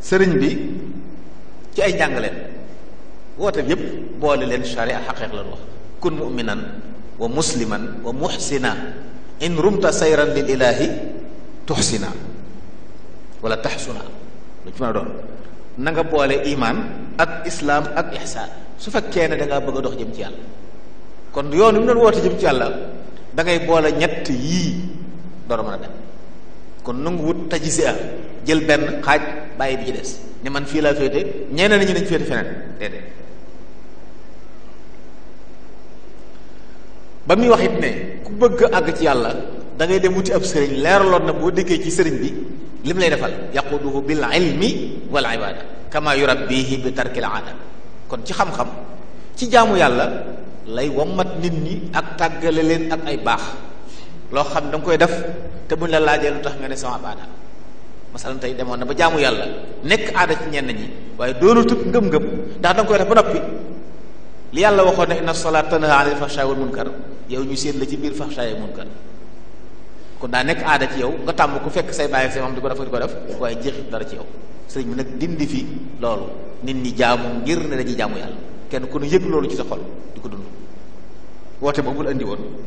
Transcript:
sëriñ bi ci ay njàngaleen woote yépp boole leen sharia xaqiq la wax kun muminan wa musliman wa muxsina in rumta sayran lil ilaahi tuxsina wala taxsuna lu ci mën a doon na nga boole imaan ak islaam ak ihsaan su fekkee ne da ngaa bëgg dox jëm ci yàlla kon yoon wi mu doon woote jëm ci yàlla da boole ñett yii door a mën a dem kon nangu wut tajisi jël benn xaaj bàyyi bi ci des ni man fii laa féete ñeneen ñi nañ féete feneen déedéet ba muy wax it ne ku bëgg àgg ci yàlla da ngay dem wuti ab sëriñ leeraloon na boo déggee ci sëriñ bi lim lay defal yaquduhu bil ilmi wal ibada kama yurabbihi bi tarkil aada kon ci xam-xam ci jaamu yàlla lay wammat nit ñi ak tàggale leen ak ay baax loo xam da koy def te buñ la laajee lu tax nga ne sama baada masalan tey demoon na ba jaamu yàlla nekk aada ci ñenn ñi waaye doonul tut ngëm-ngëm ndax da koy def ba noppi li yàlla waxoon ne inna salaat tanha anil fahsha'i wal munkar yow ñu la ci biir fahsha'i munkar kon daa nekk aada ci yow nga tàmm ku fekk say bàyyi say maam di ko def di ko waaye jeexit dara ci yow sëriñ bi nag dindi fi loolu nit ñi jaamu ngir ne dañuy jaamu yàlla kenn ku nu yëg loolu ci sa xol di ko dund woote boobu la indi woon